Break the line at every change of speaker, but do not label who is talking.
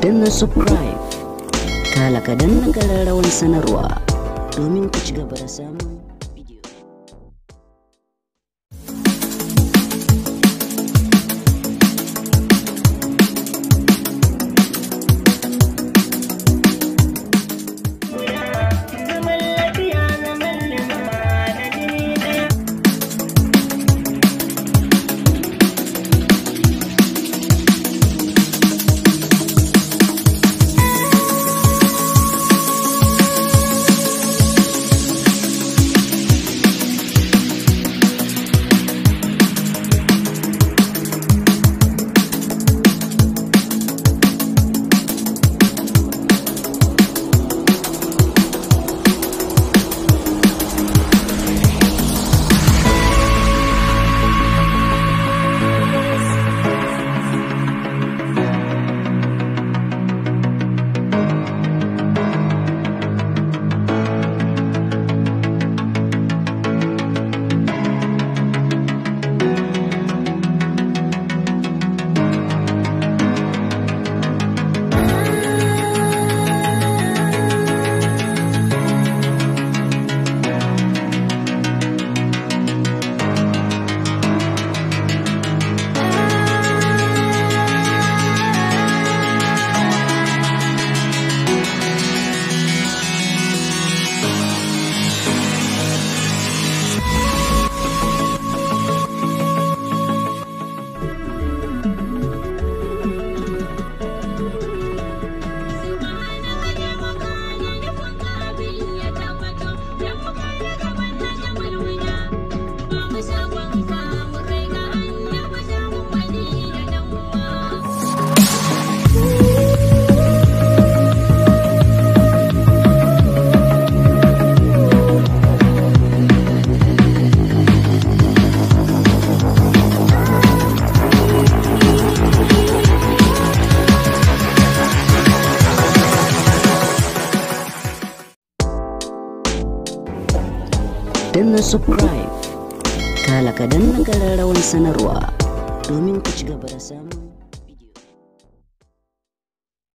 danna subscribe kala ka danna rawan sanarwa domin ku ci gaba da samun
danna subscribe
kala ka danna rawan sanarwa domin ku
ci gaba da
samun